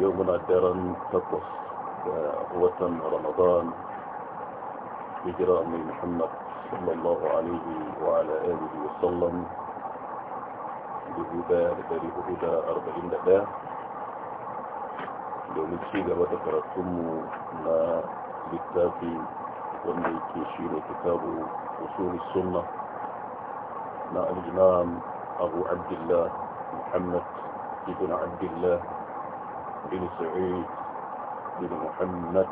يومنا كارا تقف وطن رمضان بجراء من محمد صلى الله عليه وعلى آله وسلم بهدى بداري بهدى أربعين دقاء يوم الشيء وذكر ثم ما بالتافي ومن يكيشين كتاب وصول السنة مع الإمام أبو عبد الله محمد بن عبد الله بن سعيد بن محمد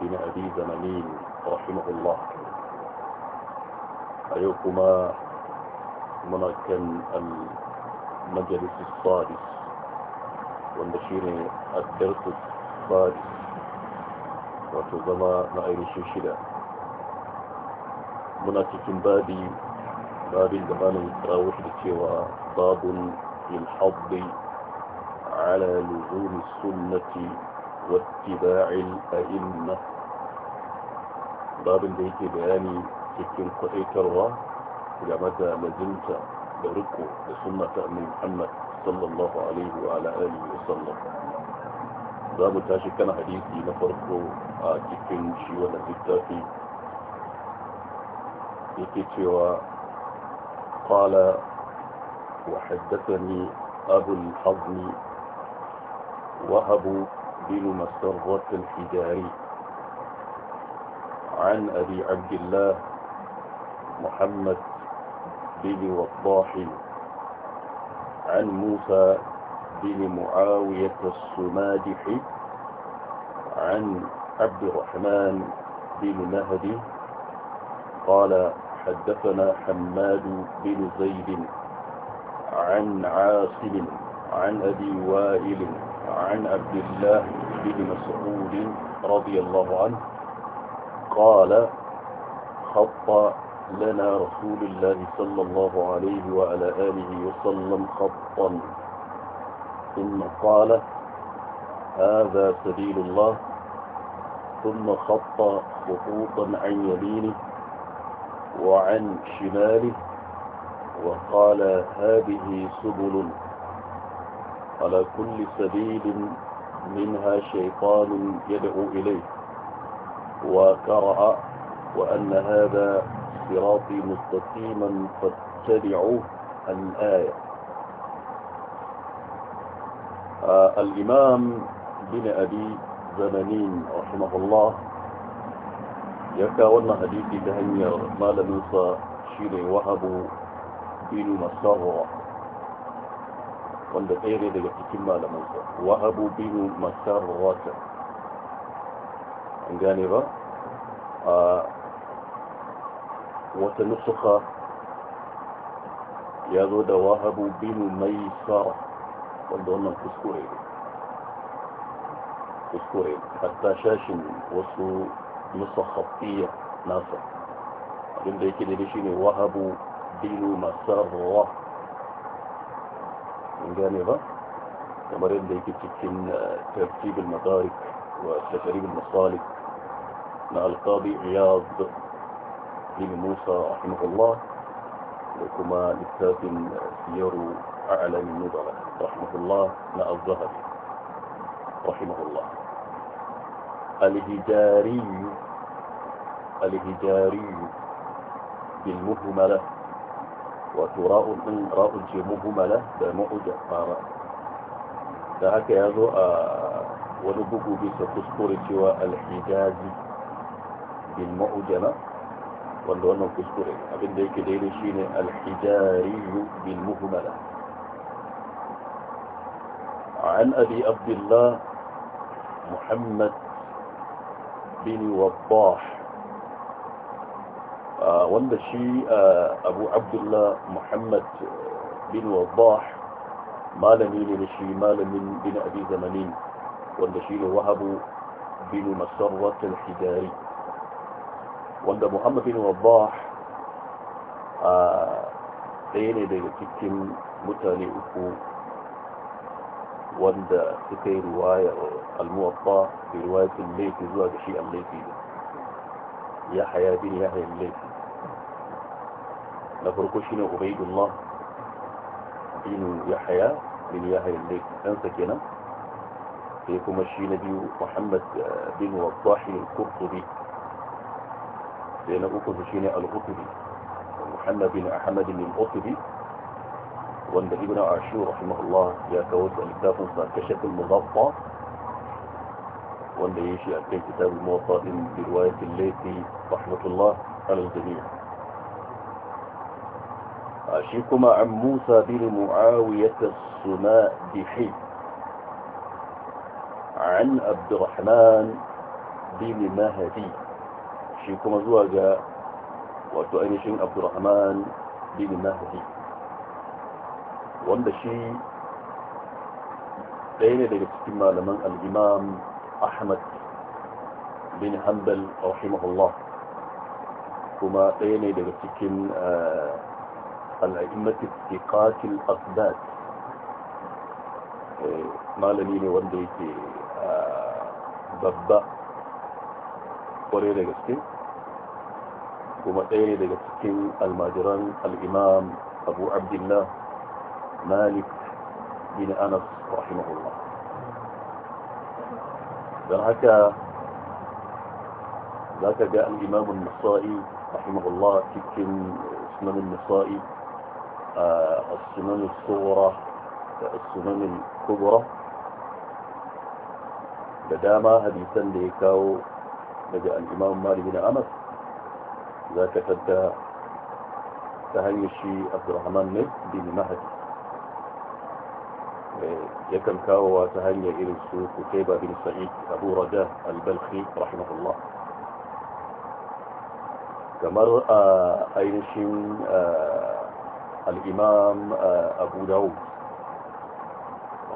بن أبي زمنين رحمه الله أيكما منك المجلس السادس والنشير الدرس السادس وتزمى نعير شيشدة منك بابي بابي زمان التراوح لكي وباب الحظ على لزوم السنة واتباع الأئمة باب ديك بياني سكين قئيك الله إذا متى لزمت بركو بسنة من محمد صلى الله عليه وعلى آله وسلم باب تاشي كان حديثي نفركو آتكين شيوة نفتاتي يكتوى قال وحدثني أبو الحضن وهب بن مسرة الحجاري عن أبي عبد الله محمد بن وضاح عن موسى بن معاوية السمادح عن عبد الرحمن بن مهدي قال حدثنا حماد بن زيد عن عاصم عن أبي وائل عن عبد الله بن مسعود رضي الله عنه قال خط لنا رسول الله صلى الله عليه وعلى آله وسلم خطا ثم قال هذا سبيل الله ثم خط خطوطا عن يمينه وعن شماله وقال هذه سبل على كل سبيل منها شيطان يدعو إليه وكرأ وأن هذا صراطي مستقيما فاتبعوه الآية آه الإمام بن أبي زمنين رحمه الله يكاولنا حديثي تهنير ما لم ينسى شيني وهبوا التمثيل والصغر wanda ɗaya daga cikin malamansa wa abu binu masarrata an gane ba a wata nusuka ya zo da wahabu binu mai sara wanda wannan kuskure ne kuskure hatta shashin wasu nusukhafiyya nasa abinda yake daidai shine wahabu الدين مسرة من جانبه kamar yadda yake cikin tartibul madarik wa takaribul masalik na alqadi iyad ibn Musa rahimahullah da kuma littafin siyaru a'lamin nubala rahimahullah na az-zahabi rahimahullah al-hijari al-hijari bil muhmala وتراء راء جيمهما له بمؤد قارا ذاك هذا ونبوك بيس كسكوري شوى الحجاز بالمؤد ما وانو انو كسكوري ابن ديك ديلي شين الحجاري بالمؤد له عن ابي عبد الله محمد بن وضاح wanda shi abu abdullah muhammad bin wadah malami ne da shi malamin bin abi zamanin wanda shi ne wahabu bin masarrat al-hidari wanda muhammad bin wadah ɗaya ne daga cikin mutane uku wanda suka yi ruwayar al-muwatta da ruwayatun laifi zuwa da shi al-laifi ya haya bin ya haya laifi na farko shine ubaidullah bin yahya bin yahya al-layth ɗansa kenan sai kuma shi na biyu muhammad bin wadahi al-qurtubi sai na uku shine al-qurtubi muhammad bin ahmad bin al-qurtubi wanda ibn ashur rahimahullah ya kawo littafin sa kashaf al-mudatta wanda yayi shi a cikin kitab al-muwatta din bi riwayat al-laythi rahmatullah ala al-jami' shi kuma an musa bin mu'awiyata suna bihi an abdurrahman bin mahadi shi kuma zuwa ga wato ainihin abdurrahman bin mahadi wanda shi ɗaya ne daga cikin malaman al'imam ahmad bin hanbal rahimahullah kuma ɗaya ne daga cikin eh, حق العلمة اتقاك الأثبات إيه، ما لنيني وردي في آه، ببا قرية دقستين ومتين دقستين الماجران الإمام أبو عبد الله مالك بن أنس رحمه الله ذلك ذلك جاء الإمام النصائي رحمه الله كتن اسمه النصائي آه، السنن الصغرى السنن الكبرى بداما حديثا كاو بدا الإمام مالي بن أمس ذاك تدى تهيشي عبد الرحمن نيس بن مهدي آه، يكن كاو وتهيى إلى السوق كتيبة بن سعيد أبو رجاء البلخي رحمه الله كمر أينشين آه، الإمام آه، أبو داود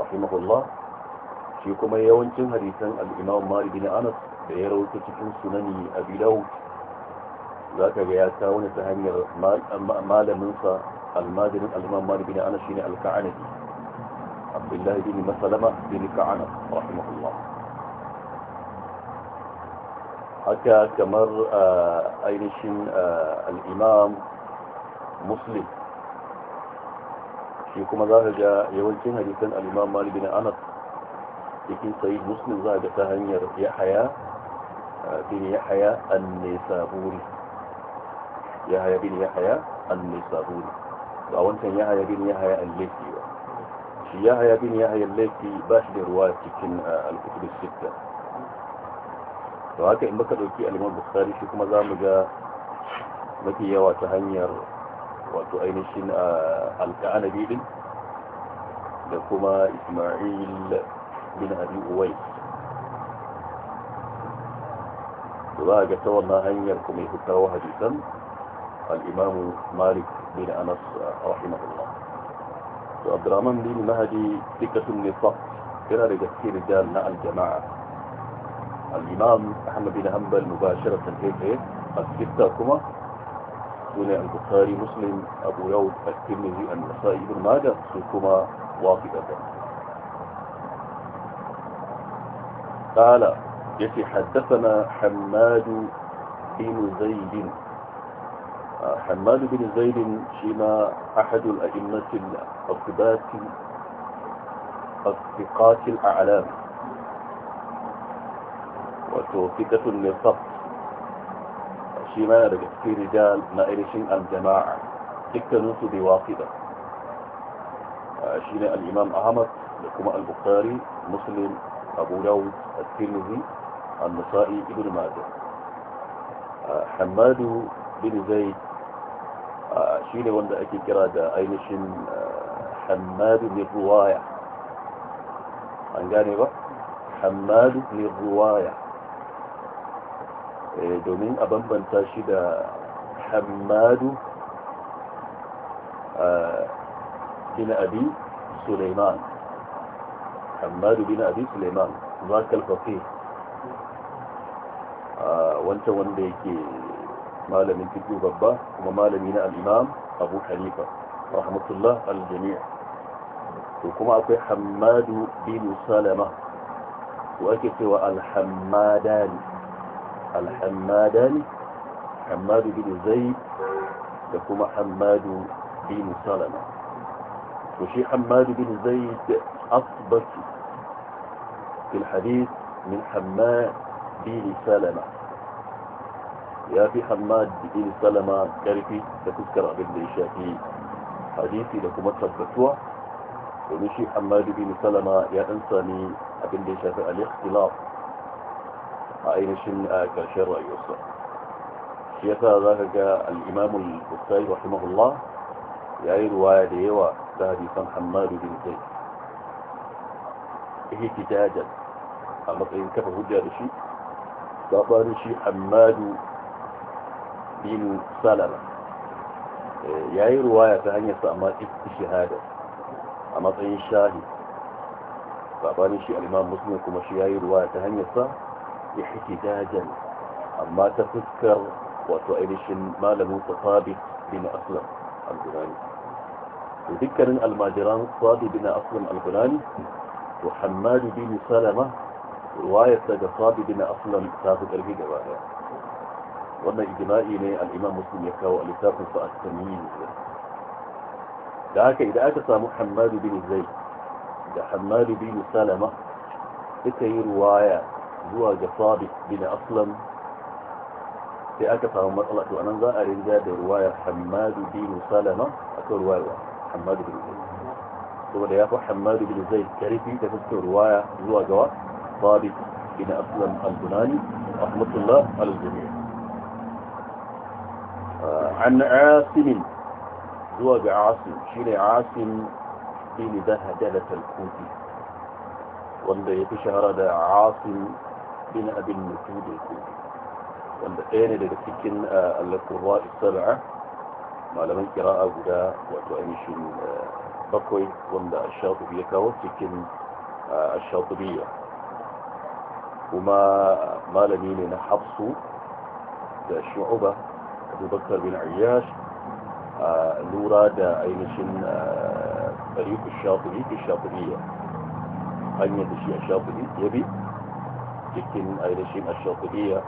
رحمه الله في فيكم يوانكم حديثا الإمام مالي بن أنس بيروت تكون سنن أبي داود ذاك جياسا ونتهني مال منصى المادن الإمام مالي بن أنس شين الكعندي عبد الله بن مسلمة بن كعنب رحمه الله حكى كمر آه، أينشن آه، الإمام مسلم shi kuma za ka ga yawancin hadisan al-imam malik bin anas cikin sahih muslim za ga ta hanyar yahya bin yahya an-nisaburi yahya bin yahya an-nisaburi ba wancan yahya bin yahya al-laythi ba shi yahya bin yahya al-laythi ba shi da ruwa cikin al-kutub as-sittah to haka in baka dauki al-imam bukhari shi kuma za mu ga mafi yawa ta hanyar wato ainihin alka'anabi din da kuma ismail bin abi uwais da za a ga ta wannan hanyar kuma ya fitawa hadisan al'imamu malik bin anas rahimahullah to abdurrahman bin mahadi dukkan nifaq yana da gaske rijal na aljama'a al-imam ahmad bin hanbal mubasharatan kai tsaye a kuma هنا البخاري مسلم أبو يوسف الترمذي النسائي بن ماجه سلكما واقفة قال يتي حدثنا حماد بن زيد حماد بن زيد شيما أحد الأئمة الأقبات الثقات الأعلام وتوفقة النصف shi ma yana daga cikin rijal na irishin aljama'a dukkaninsu bai wafida shi ne al'imam ahmad da kuma al-bukhari muslim abu dawud al-tirmidhi an-nasa'i ibn majah hamadu bin zayd shi ne wanda ake kira da ainihin hamadu bin ruwaya an gane ba hamadu bin ruwaya Eh, domin a bambanta shi da hamadu eh, bin abi suleiman hamadu bin abi suleiman fafi eh, wancan wanda yake malamin fito babba kuma malami na al'imam abu hanifa rahmatullah al to kuma akwai hamadu bin salama ku ake cewa al الحمادان حماد بن زيد لكم حماد بن سلمة وشي حماد بن زيد أصبت في الحديث من حماد بن سلمة يا في حماد بن سلمة كارفي تذكر عبد الإشاء في حديثي لكم أصبتوا ومشي حماد بن سلمة يا إنساني عبد الإشاء في الاختلاف ainihin a ƙarshen rayuwarsa shi yasa za ka ga al'imamul bukhari rahimahullah ya yi ruwaya da yawa ta hadisan hamadu bin zai ihtijajan a matsayin kafa hujja da shi sabarin shi hamadu bin salama ya yi ruwaya ta hanyar sa amma shahada a matsayin shahi sabarin shi al'imam musulun kuma shi ya yi ruwaya ta hanyar sa احتجاجا اما تفكر وتعيش ما له تطابق بن اسلم الغلاني وذكر الماجران الصادي بن اسلم الغلاني وحماد بن سلمة رواية جصابي بن اسلم سابق الهجرة وانا اجمائي لي الامام مسلم يكاو الاساق فاستمين لذلك اذا اتسى محمد بن زيد ده حماد بن سلمة لكي روايه zuwa ga sabit bin aslam sai aka samu matsala to anan za a rinja da ruwayar hamadu bin salama akan ruwayar hamadu bin zaid saboda ya fi hamadu bin zaid karfi da fuskar ruwaya zuwa ga sabit bin aslam al-bunani rahmatullah al-jami' an asim zuwa ga asim shine asim bin dahdalah al-kufi wanda ya fi shahara da asim من أبي النفود الكوفي والبقين لذكين القراء آه، السبعة ما لم يقرأ أبدا وتؤمش البقوي وانا الشاطبية كوفيكين آه، الشاطبية وما ما لمين نحبس الشعوبة أبو بكر بن عياش آه، نورا دا أينشن فريق الشاطبي في الشاطبية أين يدشي الشاطبي يبي cikin ainihin ashafiya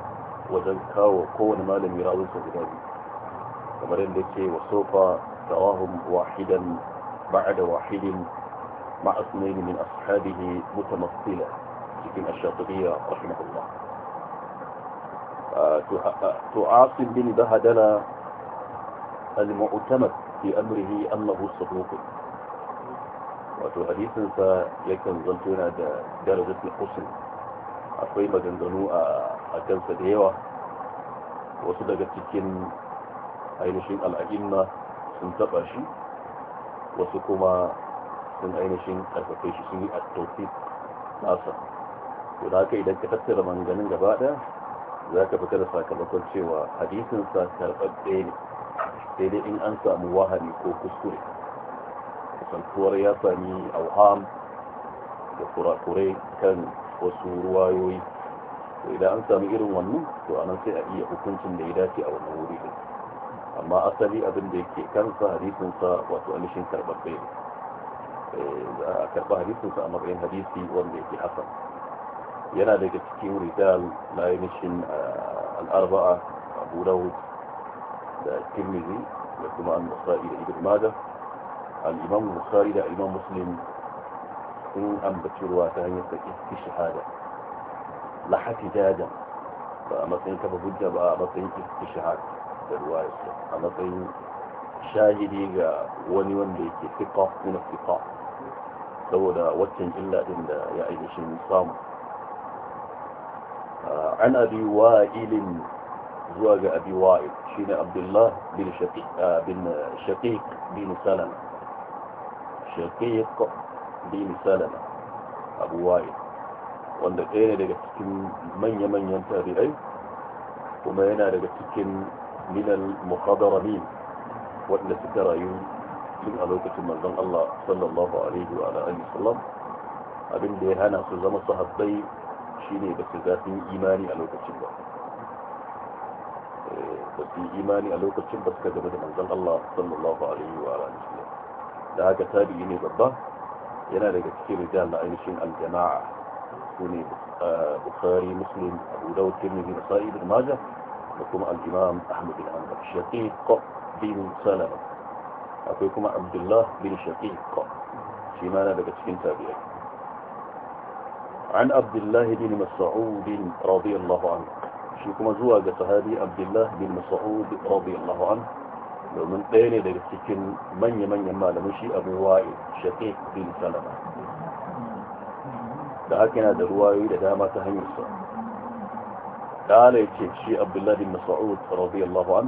wajen kawo kowane malami ra'ayinsa guda biyu kamar yadda ke wa sofa tawahum wahidan ba'da wahidin مع اثنين من أصحابه متمثلة لكن الشاطبية رحمه الله تعاصم بن بهدل المعتمد في أمره أنه صدوق وتحديث فيكن ظلتنا درجة الحسن akwai maganganu a kansa da yawa wasu daga cikin ainihin al'a'imma sun taɓa shi wasu kuma sun ainihin karfafe shi sun yi a nasa to da haka idan ka tattara manganin gaba ɗaya za ka fita da sakamakon cewa hadisinsa ɗaya ne sai dai in an samu wahani ko kuskure kasantuwar ya sami auham da kurakurai kan wasu ruwayoyi to idan an sami irin wannan to anan sai a iya hukuncin da ya dace a wannan wuri din amma asali abin da yake kansa hadisin sa wato alishin karbabbe za a karba hadisin sa a matsayin hadisi wanda yake hasan yana daga cikin rijal na yanishin al-arba'a abu dawud da tirmidhi da kuma an-nasa'i da ibn majah al-imam bukhari da imam muslim sun ambaci ruwa ta hanyar da istishhada la hatijaja ba a matsayin kafa hujja ba a matsayin istishhad da ruwa a matsayin shahidi ga wani wanda yake fiqa min fiqa saboda waccan illa din da ya ainihin samu an abi wa'ilin zuwa ga abi wa'il shine abdullah bin shaqiq bin shaqiq bin salama shaqiq bin salama abu wa'il wanda ɗaya ne daga cikin manya-manyan tabi'ai kuma yana daga cikin minal muhadaramin waɗanda suka rayu tun a lokacin manzon Allah sallallahu alaihi wa alihi sallam abin da ya hana su zama sahabbai shine ba su zafin imani a lokacin ba ba su yi imani a lokacin ba suka gaba da manzon Allah sallallahu alaihi wa alihi sallam da haka tabi'i ne babba yana daga cikin rijal da ainihin aljama'a su ne bukhari muslim abu dawud tirmidhi da sa'id da maja da kuma al-imam ahmad bin hanbal shaqiq bin salama akwai kuma abdullah bin shaqiq shi ma yana daga cikin tabi'ai an abdullah bin mas'ud radiyallahu anhu shi kuma zuwa ga sahabi abdullah bin mas'ud radiyallahu anhu domin ɗaya ne daga cikin manya-manyan malamin shi abu wa'i shaƙe bin salama da haka yana da ruwayoyi da dama ta hanyar sa ƙala ya ce shi abdullahi mas'ud radiyallahu an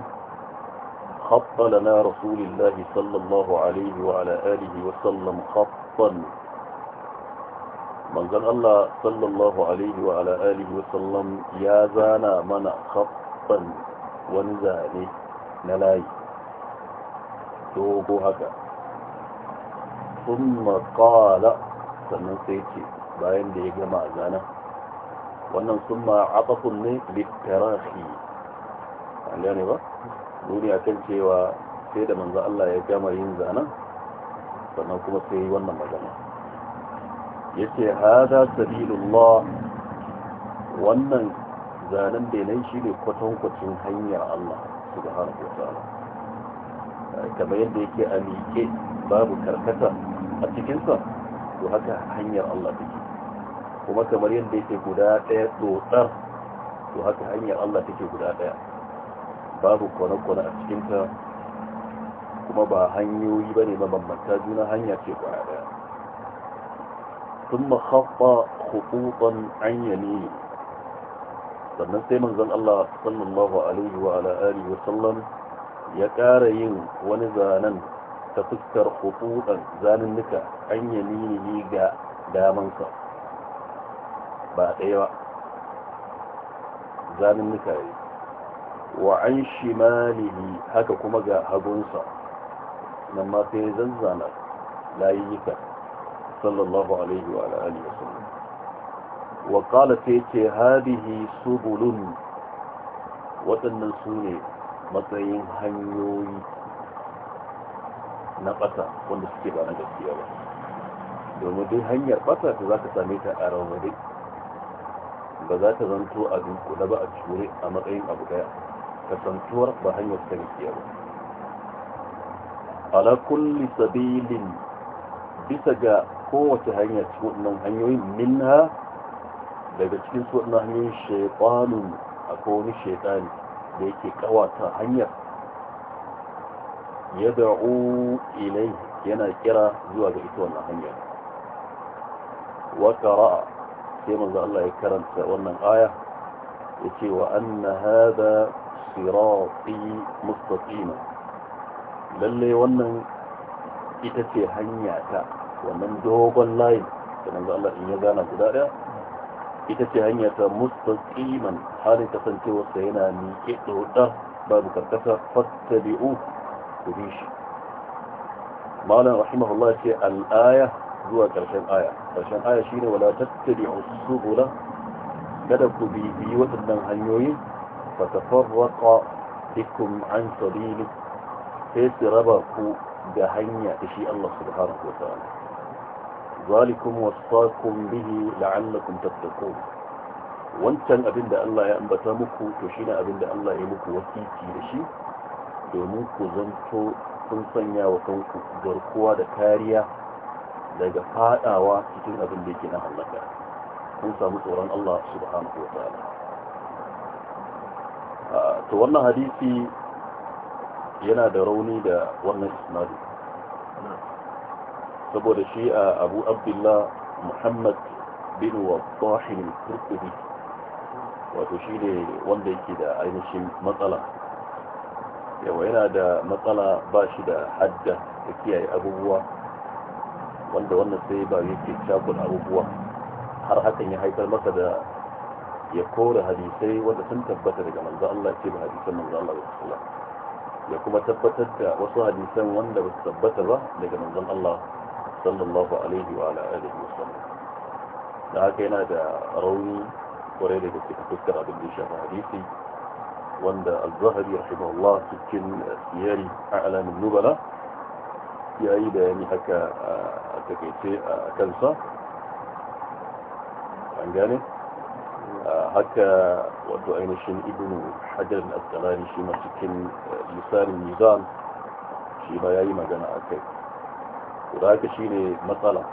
خط لنا رسول الله صلى الله عليه وعلى آله وسلم خطا من قال الله صلى الله عليه وعلى آله وسلم يا زانا من خطا ونزاني dogo haka sun maƙala sannan sai ce bayan da ya gama a zana wannan sun ma'aɓafin ne littarafi an gane ba duniya kan cewa sai da manzan Allah ya gama yin zanen sannan kuma sai yi wannan magana ya ce sabilullah wannan zanen benin shi ne kwatankwacin hanyar Allah su da hana kamar yadda yake a miƙe babu karkata a cikinsa to haka hanyar Allah take kuma kamar yadda yake guda ɗaya tsotsar to haka hanyar Allah take guda ɗaya babu kone-kone a cikinta kuma ba hanyoyi ba ne mabambanta juna hanya ce kwaya ɗaya sun mahaɓa hukukon anyani ne sannan sai manzon Allah sallallahu alaihi wa ala'ari wa sallam ya ƙara yin wani zanen ta fuskar hukukan zanunnuka an yaminihi ga damansa ba ɗaya ba zanunnuka yi. wa an shimalihi haka kuma ga hagunsa nan ma sai zanzana layyuka sallallahu alaihi wa alihi wasallam wa qala sai ce hadihi subulun waɗannan su ne matsayin hanyoyi na ƙasa wanda suke ba na gaskiya ba domin duk hanyar ƙasa ta za ka same ta a raunare ba za ta zanto a dunkula ba a cure a matsayin abu daya kasantuwar ba hanyar ta gaskiya ba ala kulli sabilin bisa ga kowace hanya cikin waɗannan hanyoyin minha daga cikin waɗannan hanyoyin shaiƙanun akwai wani shaiƙani da yake kawata hanyar ya da'u ilai yana kira zuwa ga ita wannan hanyar wata ra'a sai manzo Allah ya karanta wannan aya ya ce wa anna hada sirati mustaqima lalle wannan ita ce hanya ta wannan dogon layin da manzo Allah in ya gana guda ɗaya. ita ce hanyar ta mustaqiman halin kasancewarsa yana miƙe doda babu karkasa fattabi'u ku bi shi malam rahimahullah ce al'aya zuwa karshen aya karshen aya shine wala tattabi'u subula kada ku bi waɗannan hanyoyi fa tafarraqa bikum an sabili sai su raba ku da hanya da shi Allah subhanahu wa ta'ala ذلكم وصاكم به لعلكم تتقون wancan abin da Allah ya ambata muku to shine abin da Allah ya muku wasiki da shi domin ku zanto kun sanya wa kanku garkuwa da kariya daga fadawa cikin abin da yake na halaka kun samu tsoron Allah subhanahu wa ta'ala to wannan hadisi yana da rauni da wannan isnadi saboda shi a abu abdullah muhammad bin wabahin turkubi wato shi ne wanda yake da ainihin matsala yawa yana da matsala ba shi da hadda da kiyaye abubuwa wanda wannan sai ba yake cakon abubuwa har hakan ya haifar masa da ya kora hadisai wanda sun tabbata daga manzo Allah ce ba hadisan manzo Allah sallallahu ya kuma tabbatar da wasu hadisan wanda ba su tabbata ba daga manzon Allah صلى الله عليه وعلى آله وسلم لكن هذا روني وريده في تفكر عبد الإشاء الحديثي وان الظهري رحمه الله سكن سياري أعلى من نبلة في أي داني حكا تكيسي كنسة عن جاني حكا ودعين شن ابن حجر الأسلالي شما سكن لسان الميزان شما يأي ما جانا أكيد da haka shi ne matsala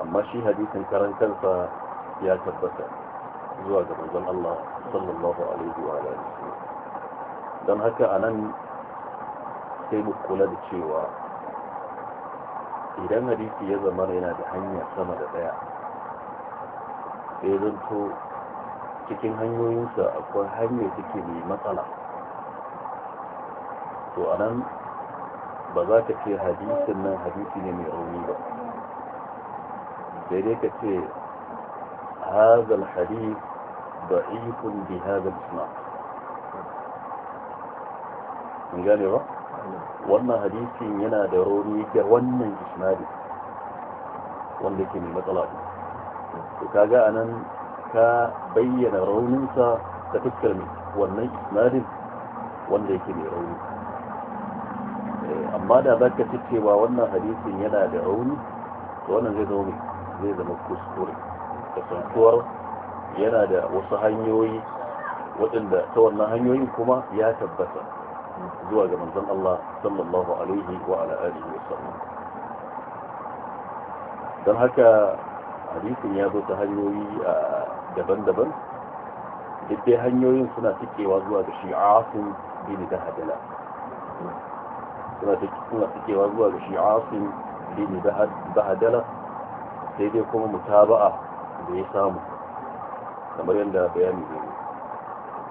amma shi hadisin karan kansa ya tabbata zuwa ga manzon Allah sallallahu alaihi wa alihi don haka anan sai mu kula da cewa idan hadisi ya zama yana da hanya sama da daya sai zanto cikin hanyoyinsa akwai hanyar take mai matsala to anan ba za ka ce hadisin nan hadisi ne mai rauni ba sai ka ce hazal hadis da'ifun bi hazal suna in gane ba wannan hadisin yana da rauni ga wannan isnadi wanda ke mai matsala to kaga nan ka bayyana rauninsa ta fuskar mai wannan isnadin wanda yake mai rauni amma da za ka ci cewa wannan hadisin yana da rauni to wannan zai zaune zai zama kuskure kasantuwar yana da wasu hanyoyi waɗanda ta wannan hanyoyin kuma ya tabbata zuwa ga manzon Allah sallallahu alaihi wa ala alihi wa sallam don haka hadisin ya zo ta hanyoyi daban-daban duk dai hanyoyin suna cikewa zuwa ga shi'afin bin dahadala suna fikewa zuwa ga shi asim bin bahadala sai dai kuma mutaba'a da ya samu kamar yadda bayani ne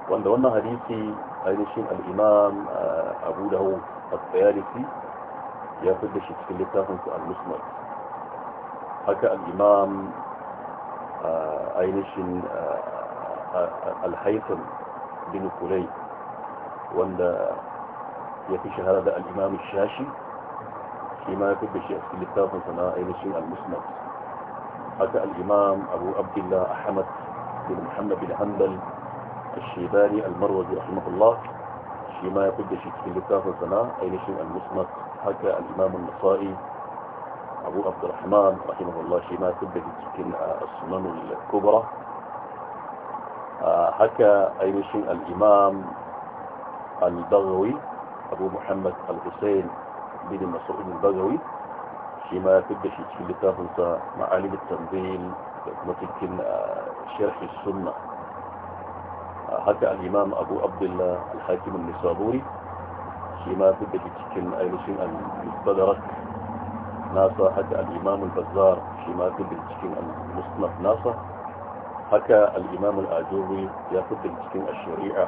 wanda wannan hadisi ainihin al'imam eh, abu dawo a tsayarisi ya fi da shi cikin littafinsu al-musnad haka al'imam eh, ainihin eh, alhaifin bin kulai wanda يكي شهر هذا الإمام الشاشي فيما يكتب الشيء في الكتاب وصناع أين الشيء المسند حتى الإمام أبو عبد الله أحمد بن محمد بن حنبل الشيباني المروزي رحمه الله فيما يكتب الشيء في الكتاب وصناع أين الشيء المسند حكى الإمام النصائي أبو عبد الرحمن رحمه الله فيما يكتب الشيء السنن الكبرى آه، حكى أين شيء الإمام البغوي أبو محمد الحسين بن مسعود البغوي شما تبدأ في لتابنسا معالم التنظيم ممكن آه، شرح السنة حتى الإمام أبو عبد الله الحاكم النصابوري شما تبدأ شيء أيلسين آه، المستدرك ناصر حتى الإمام البزار شما تبدأ شيء المصنف ناصر حكى الإمام الآجوري يأخذ الشريعة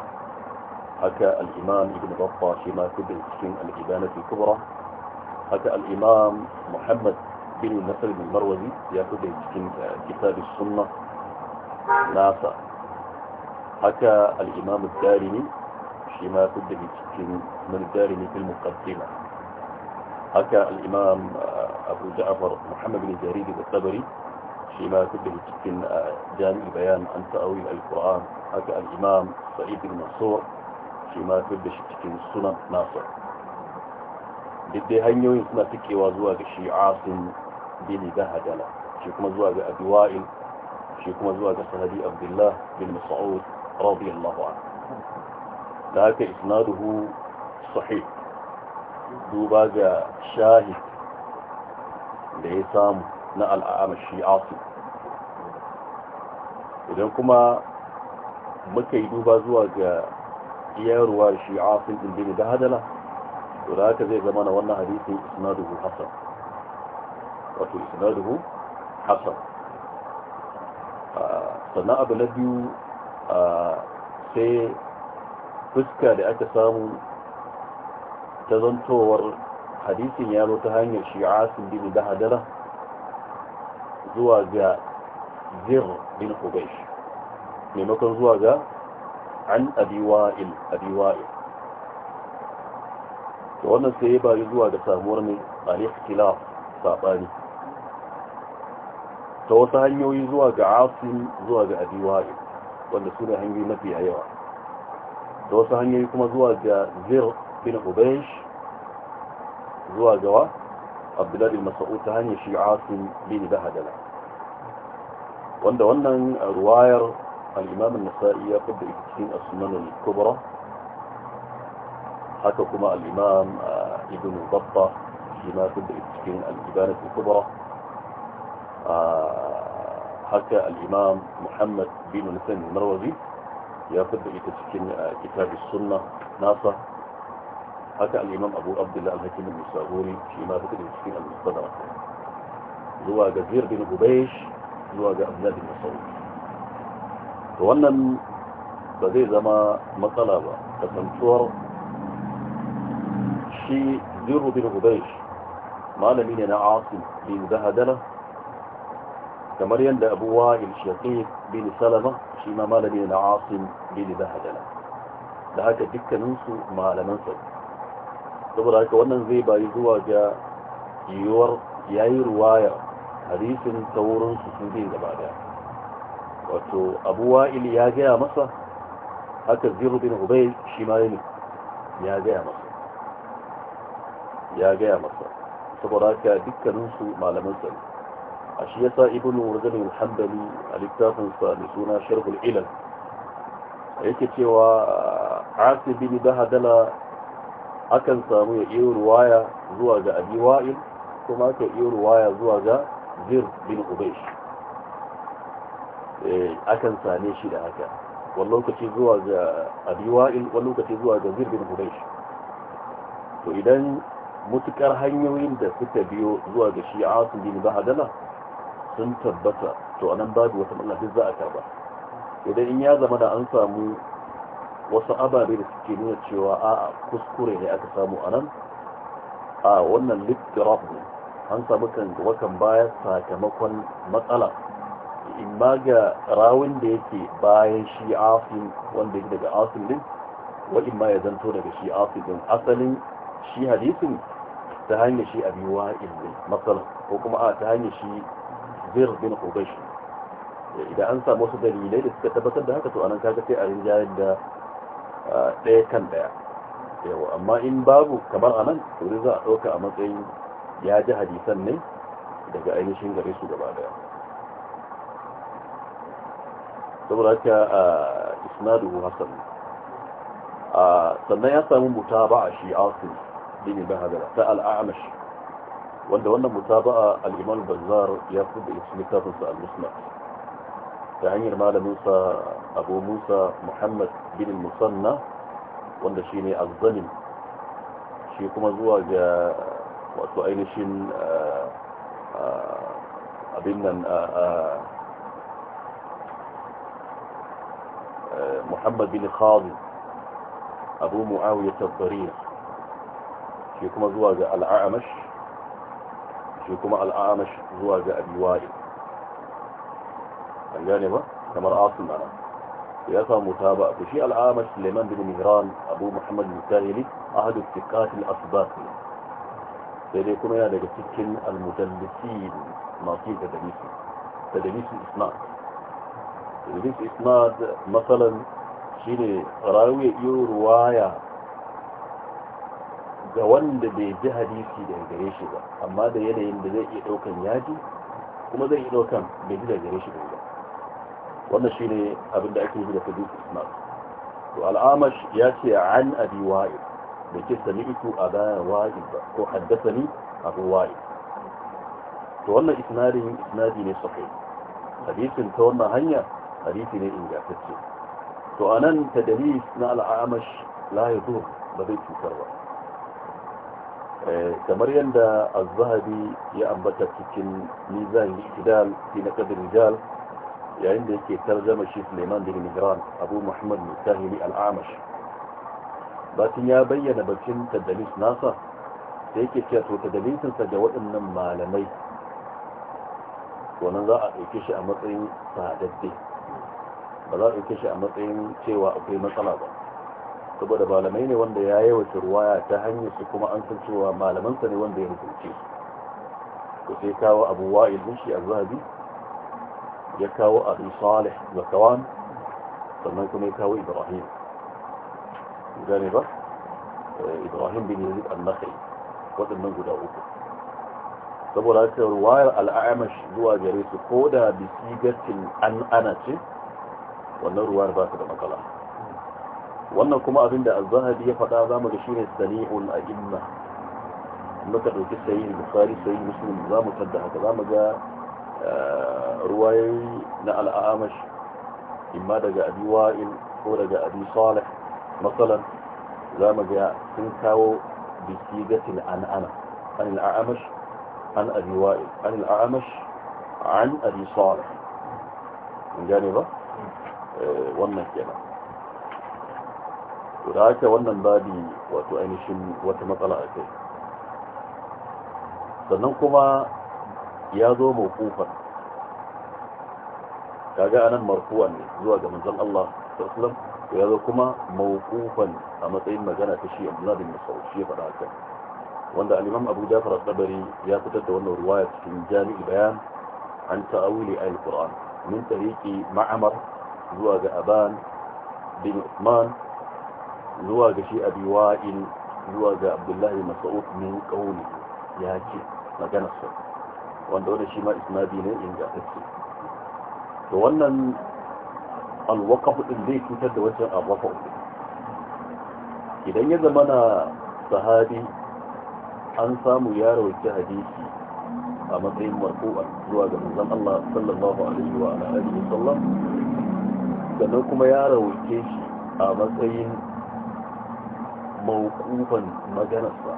حكى الإمام ابن بطة شما كبه سكين الإبانة الكبرى حكى الإمام محمد بن النصر بن المروزي يا كبه سكين كتاب السنة ناسا حكى الإمام الدارمي شما كبه سكين من الدارمي في المقدمة حكى الإمام آه، أبو جعفر محمد بن جريد الثبري فيما كتب في آه، جامع البيان عن تأويل القرآن حكى الإمام سعيد بن منصور shi ma da shi cikin sunan nasa duk dai hanyoyin suna tikewa zuwa ga shi asin bin gahadala shi kuma zuwa ga abi shi kuma zuwa ga sanadi abdullah bin masu'ud radiyallahu anhu da haka isnaduhu sahih duba ga shahid da ya samu na al'ama shi asin idan kuma muka yi duba zuwa ga iya ruwa shi asim ɗin da hadala to da haka zai zama na wannan hadisi isnaduhu hasan wato isnaduhu hasan sannan abu na biyu sai fuska da aka samu ta zantowar hadisin ya zo ta hanyar shi asim bin da hadara zuwa ga zir bin hubaish maimakon zuwa ga an abi wa'il abi wannan sai ya bari zuwa da samuwar ne al-ikhtilaf saɓani. ta wasu hanyoyi zuwa ga asim zuwa ga abi wa'il wanda su ne hanyoyi mafi yawa ta wasu hanyoyi kuma zuwa ga zir bin ubaysh zuwa ga wa abdullahi mas'ud ta hanyar shi asim bin bahadala wanda wannan ruwayar الإمام النسائي يقول بإكتين السنن الكبرى حتى كما الإمام آه، ابن الضبطة لما يقول بإكتين الإبانة الكبرى آه، حكى الإمام محمد بن نسان المروزي يقول بإكتين آه، كتاب السنة ناصة حكى الإمام أبو عبد الله الهكيم المساغوري فيما يقول بإكتين المستدرك زواج زير بن قبيش زواج أبناء بن to wannan ba zai zama matsala ba kasantuwar shi jiru bin hubaish malami ne na asim bin zahadala kamar yadda abu wa'il shaqiq bin salama shi ma malami ne na asim bin zahadala da haka dukkaninsu malaman sa saboda haka wannan zai bayi zuwa ga yiwuwar yayi ruwaya hadisin ta wurin su sun zai gaba daya wato abu wa'il ya gaya masa haka ziru bin hubai shi ma ne ya gaya masa ya gaya masa saboda haka dukkaninsu malaman sa ne a shi yasa ibn wurzani alhambali a littafinsa da suna sharhul ilal yake cewa asibi bin bahadala akan samu ya iya ruwaya zuwa ga abi wa'il kuma ka iya ruwaya zuwa ga zir bin hubai Eh, akan same shi da haka wani lokaci zuwa ga abiwa'il wani lokaci zuwa ga zirbin to idan mutukar hanyoyin da suka biyo zuwa ga shi a sun bin bahadala sun tabbata to a nan babu wata mallafi za a karba idan in ya zama da an samu wasu ababe da suke nuna cewa a kuskure ne aka samu a nan a wannan littiraf ne an samu kan wakan baya sakamakon matsala imma ga rawun da yake bayan shi Afin, wanda yake daga asin din wa imma ya zanto daga shi Afin din asalin shi hadisin ta hanyar shi abi wa'il ne matsala ko kuma a ta hanyar shi zir bin ubash idan an samu wasu dalilai da suka tabbatar da haka to anan kaga sai a rinjayar da ɗaya kan ɗaya yawa amma in babu kamar anan to za a ɗauka a matsayin ya ji hadisan ne daga ainihin gare su gaba daya saboda haka isnaduhu hasan sannan ya samu mutaba'a shi asim bin bahadara ta al-a'mash wanda wannan mutaba'a al-imam bazzar ya fada ismikafin sa al-musnad ta hanyar malamin sa abu musa muhammad bin musanna wanda shine az-zalim shi kuma zuwa ga wato ainihin abin nan محمد بن خاضي أبو معاوية الضريح شيكما زواج العامش شيكما العامش زواج أبي وائل الجانبة يعني كما رأصل معنا يقع متابعة بشيء العامش سليمان بن مهران أبو محمد بن المتاهلي أحد السكات الأصباق سيديكم يا لك تكن المدلسين ناصين تدريسي تدريسي إسناد تدريسي إسناد مثلا shi ne rawi iya ruwaya ga wanda bai ji hadisi daga gare shi ba amma da yanayin da zai iya daukan yaji kuma zai iya daukan bai ji daga gare shi ba wannan shi ne abinda ake yi da hadisi isma to al'amash ya ce an abi wa'id da ke sami ito a bayan wa'id ba ko haddasa ni abu wa'id to wannan isnadin isnadi ne sakai hadisin ta wannan hanya hadisi ne ingantacce to anan tadlis na al'amash la zuwa ba zai cutar ba eh, kamar yadda azahabi ya ambata cikin mizan jidal fi naqd rijal yayin da yake tarjama shi Suleiman bin Migran Abu Muhammad Mutahili al'amash. amash batun ya bayyana bakin tadlis nasa da yake cewa to tadlisin ga waɗannan malamai wannan za a aike shi a matsayin sadadde ba za su kashe a matsayin cewa akwai matsala ba saboda malamai ne wanda ya yi yawace ruwaya ta hanyar su kuma an san cewa malamansa ne wanda ya rubuce su sai kawo abu wa'il shi a zahabi ya kawo abu salih kawan. sannan kuma ya kawo ibrahim gane ba eh, ibrahim bin yazid an-nakhai waɗannan guda uku saboda haka ruwayar al'amash zuwa gare su ko da bisigatin an ana ce wannan ruwar ba su da makala wannan kuma abin da az-zahabi ya faɗa zamu ga shine sani'ul a'imma muka dauki sahih bukhari sahih muslim zamu tadda haka zamu ga ruwayoyi na al-a'amash imma daga abi wa'il ko daga abi salih masalan zamu ga sun kawo bisigatil an'ana an al-a'amash an abi wa'il an al-a'amash an abi salih من ba Eh, wannan kenan to da haka wannan babi wato ainihin wata matsala a kai sannan kuma ya zo mawkufan kaga anan marfuan ne zuwa ga manzon Allah sallallahu alaihi ya zo kuma mawkufan a matsayin magana ta shi Abdullah bin Mas'ud shi fara haka wanda al-Imam Abu Ja'far al-Tabari ya fitar da wannan ruwaya cikin Jami'i Bayan an ta'awili al-Qur'an min tariqi Ma'mar zuwa ga aban bin usman zuwa ga shi abi wa'il zuwa ga abdullahi mas'ud min kauli ya ce magana sa wanda wannan shi ma isnadi ne ingantacce to wannan alwaka din zai cutar da wancan alwaqaf idan ya zama na sahabi an samu ya rawaita hadisi a matsayin marfu'a zuwa ga manzon Allah sallallahu alaihi wa alihi sallam sannan kuma ya rawuke shi a matsayin maukufan maganarsa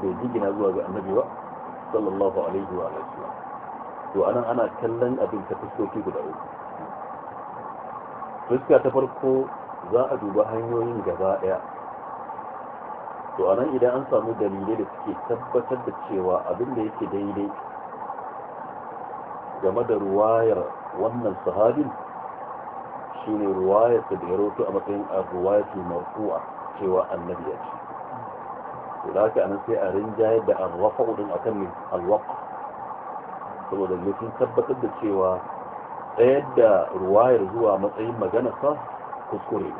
bai jigina zuwa ga annabi ba sallallahu alaihi wa sallam to anan ana kallon abin ta fuskoki guda uku fuska ta farko za a duba hanyoyin gaba daya to anan idan an samu dalilai da suke tabbatar da cewa abin da yake daidai game da ruwayar wannan sahabin shi ne ruwayarsa da ya roto a matsayin a ruwayatu marfu'a cewa annabi ya ce to da haka anan sai a rinjayar da arrafa din akan ne alwaq saboda ne sun tabbatar da cewa tsayar da ruwayar zuwa matsayin magana sa kuskure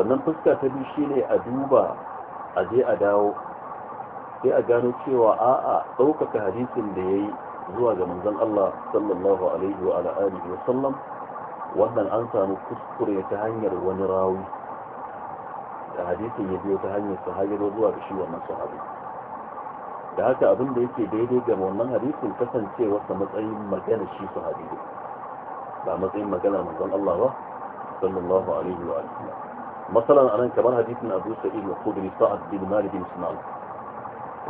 sannan fuska ta biyu shine a duba a je a dawo sai a gano cewa a'a ɗaukaka hadisin da ya yi zuwa ga manzon Allah sallallahu alaihi wa alihi wa sallam wannan an samu kuskure ta hanyar wani rawi da hadisin ya biyo ta hanyar su sahabiro zuwa da shi wannan sahabi da haka abin da yake daidai ga wannan hadisin kasancewarsa matsayin magana shi sahabi ba matsayin magana manzon Allah ba sallallahu alaihi wa sallam masalan anan kamar hadisin Abu Sa'id al-Khudri Sa'ad bin Malik bin Sinan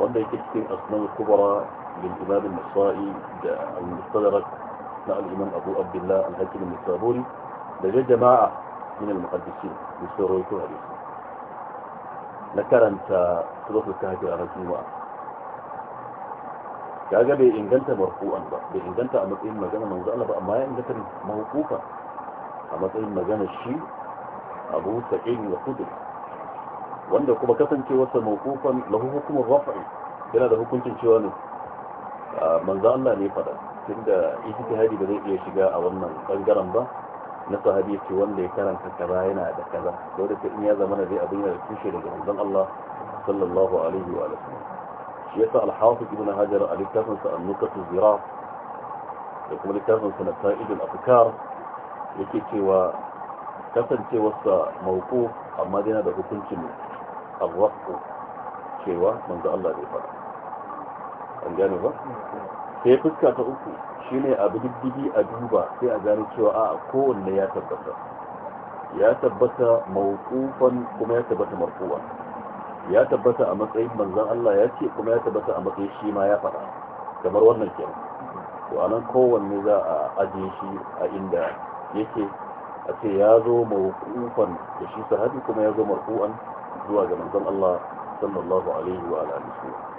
wanda yake cikin asnan kubra lil Imam an-Nasa'i da al-Mustadrak na al'imam abu abdullah al-hakim al-saburi da zai jama'a min al-muqaddisi da sauran su hadisi na karanta suratul kahfi a ranar juma'a kaga bai inganta marfu'an ba bai inganta a matsayin magana inganta a matsayin magana shi wanda kuma kasancewarsa mawqufan lahu hukumur raf'i yana da hukuncin cewa ne manzo Allah ne fada tunda ijtihadi ba zai iya shiga a wannan bangaren ba na sahabi ce wanda ya karanta kaza yana da kaza dole in ya zama da zai abin da tushe daga manzon Allah sallallahu alaihi wa sallam shi yasa al-hafiz ibn hajar a littafin sa an zira da kuma littafin sa nata'id al-afkar yake cewa kasancewarsa mauku amma yana da hukuncin al-waqf cewa manzo Allah bai faɗa an gane ba sai fuska ta uku shine abu diddigi a duba sai a gane cewa a kowanne ya tabbata ya tabbata mawqufan kuma ya tabbata marfuwa ya tabbata a matsayin manzan Allah ya ce kuma ya tabbata a matsayin shi ma ya faɗa kamar wannan kenan to anan kowanne za a ajiye shi a inda yake a ce ya zo mawqufan da shi sahabi kuma ya zo marfu'an zuwa ga manzan Allah sallallahu alaihi wa alihi wasallam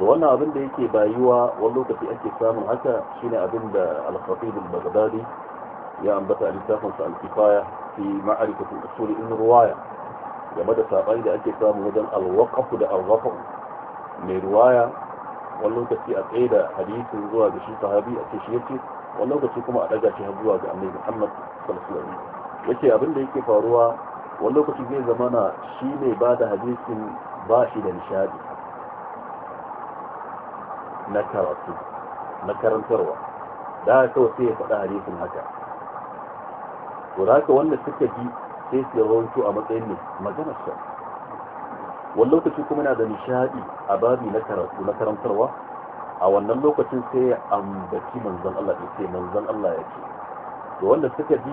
to wannan abin da yake bayuwa wani lokaci ake samun haka shine abin da al-khatib al-baghdadi ya ambata a littafin sa al-kifaya fi ma'rifati usul in riwaya game da sabani da ake samu wajen al-waqf da al-rafa mai riwaya wani lokaci a tsaye da hadisi zuwa ga shi sahabi a shi yace wani lokaci kuma a daga shi har zuwa ga annabi Muhammad sallallahu alaihi wasallam yace abin da yake faruwa wani lokaci zai zama na shi ne ba da hadisin ba shi da nishadi na karatu na karantarwa da haka sai ya faɗa hadisin haka to da wanda suka ji sai su rawanto a matsayin ne maganar sa wani lokaci kuma na da nishadi a babi na karatu na karantarwa a wannan lokacin sai ya ambaci manzon Allah ya ce manzon Allah ya ce to wanda suka ji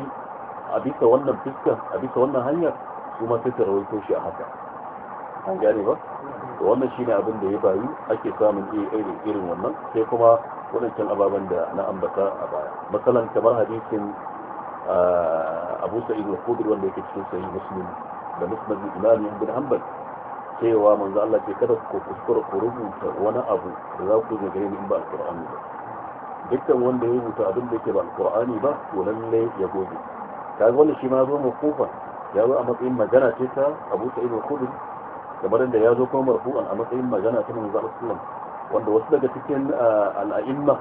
a bisa wannan fuskar a bisa wannan hanyar su ma suka su rawanto shi a haka an gane ba wannan shine abin da ya bayu ake samun irin irin wannan sai kuma wadancan ababen da na ambata a baya matsalan kamar hadisin abu sa'id al-khudri wanda yake cikin sahih muslim da musnad imam ibn hanbal cewa manzo Allah ce kada ku kuskura ku rubuta wani abu da za ku zo gare ni in ba alqur'ani ba dukkan wanda ya rubuta abin da yake ba alqur'ani ba to lalle ya gode kaga wannan shi ma zo mu kufa ya zo a matsayin magana ce ta abu sa'id al-khudri kamar da ya zo kuma marfu'an a matsayin magana ta manzo sallallahu wanda wasu daga cikin al'a'imma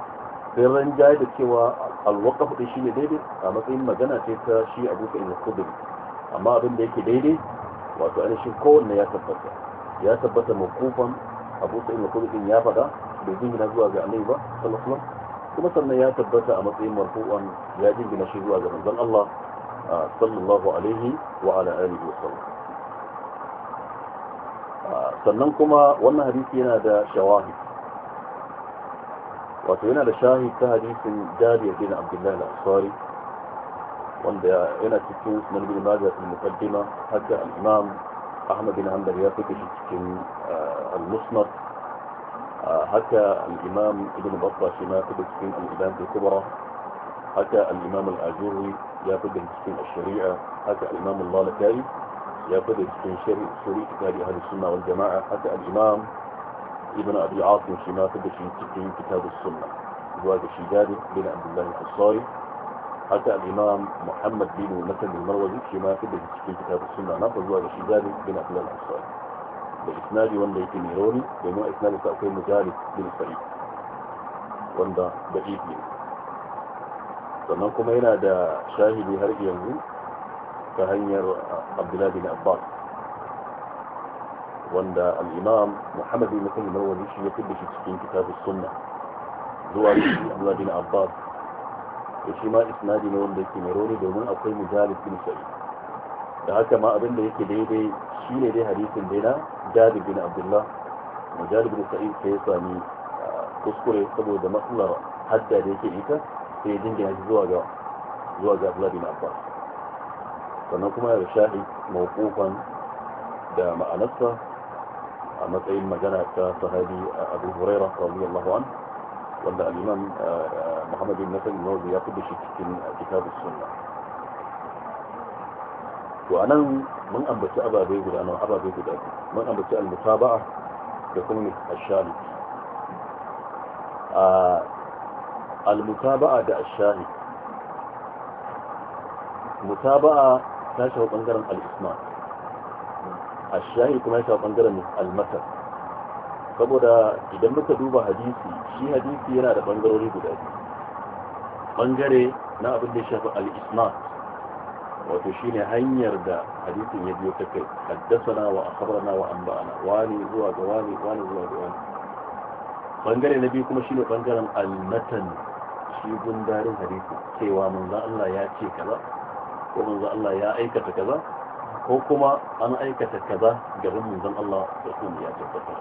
sai jaye da cewa alwaqaf din shine daidai a matsayin magana ce ta shi Abu Sa'id al-Khudri amma abin da yake daidai wato ko kowanne ya tabbata ya tabbata mukufan Abu Sa'id al-Khudri ya faɗa bai jingina zuwa ga Annabi ba sallallahu alaihi kuma sannan ya tabbata a matsayin marfu'an ya jingina shi zuwa ga manzon Allah sallallahu alaihi wa ala alihi wa sallam sannan kuma wannan hadisi yana da shawahi wato yana da shahi ta hadisin jariya bin abdullahi al-asari wanda yana cikin sunan bin majah al-muqaddima haka al-imam ahmad bin hanbal ya fike cikin al-musnad haka al-imam ibn battah shi ma fike cikin al-ilam al-kubra haka al-imam al-ajuri ya fike cikin al-shari'a haka al-imam al-lalakai يبدو من شريك شريك أهل السنة والجماعة حتى الإمام ابن أبي عاصم شما فدش من كتاب السنة زواج الشجاري بن عبد الله الحصاري حتى الإمام محمد بن مثل المروزي شما فدش من كتاب السنة نفذ زواج الشجاري بن عبد الله الحصاري بإسنادي وان بيت نيروني بينما إسناد تأكل مجالس بن سعيد وان ده بعيد منه sannan kuma yana da shahidi har ta hanyar abdullahi bin abbas wanda al'imam muhammad bin mutum wani shi ya kudu shi cikin kitabu sunna zuwa shi abdullahi bin abbas da shi ma isnadi ne wanda yake mai rauni domin akwai mujalib bin Sa'i, da haka ma abin da yake daidai shi ne dai hadisin dai na jabi bin abdullah mujalib bin Sa'i sai ya sami kuskure saboda matsalar hadda da yake ita sai ya dingina shi zuwa ga zuwa ga abdullah bin abbas sannan kuma ya irshadi mawqufan da ma'anarsa a matsayin magana ta sahabi Abu huraira radiyallahu anhu wanda aliman muhammadu Muhammad ibn Nasir Nawawi ya fada shi cikin kitabus suna to anan mun ambaci ababe guda nan ababe guda mun ambaci al-mutaba'a da kuma ash-shahid al-mutaba'a da ash-shahid mutaba'a ta shafa bangaren al-isma a shahi kuma ya shafa ɓangaren al saboda idan muka duba hadisi shi hadisi yana da ɓangarori guda biyu. Ɓangare na abin da ya shafi al wato shi ne hanyar da hadisin ya biyo ta kai haddasana wa akhbarana wa anba'ana wani zuwa ga wani wani zuwa ga wani bangare na biyu kuma shine bangaren al-matan shi gundarin hadisi cewa za Allah ya ce kaza ko manzon Allah ya aikata kaza ko kuma an aikata kaza gaban manzon Allah da kuma ya tabbatar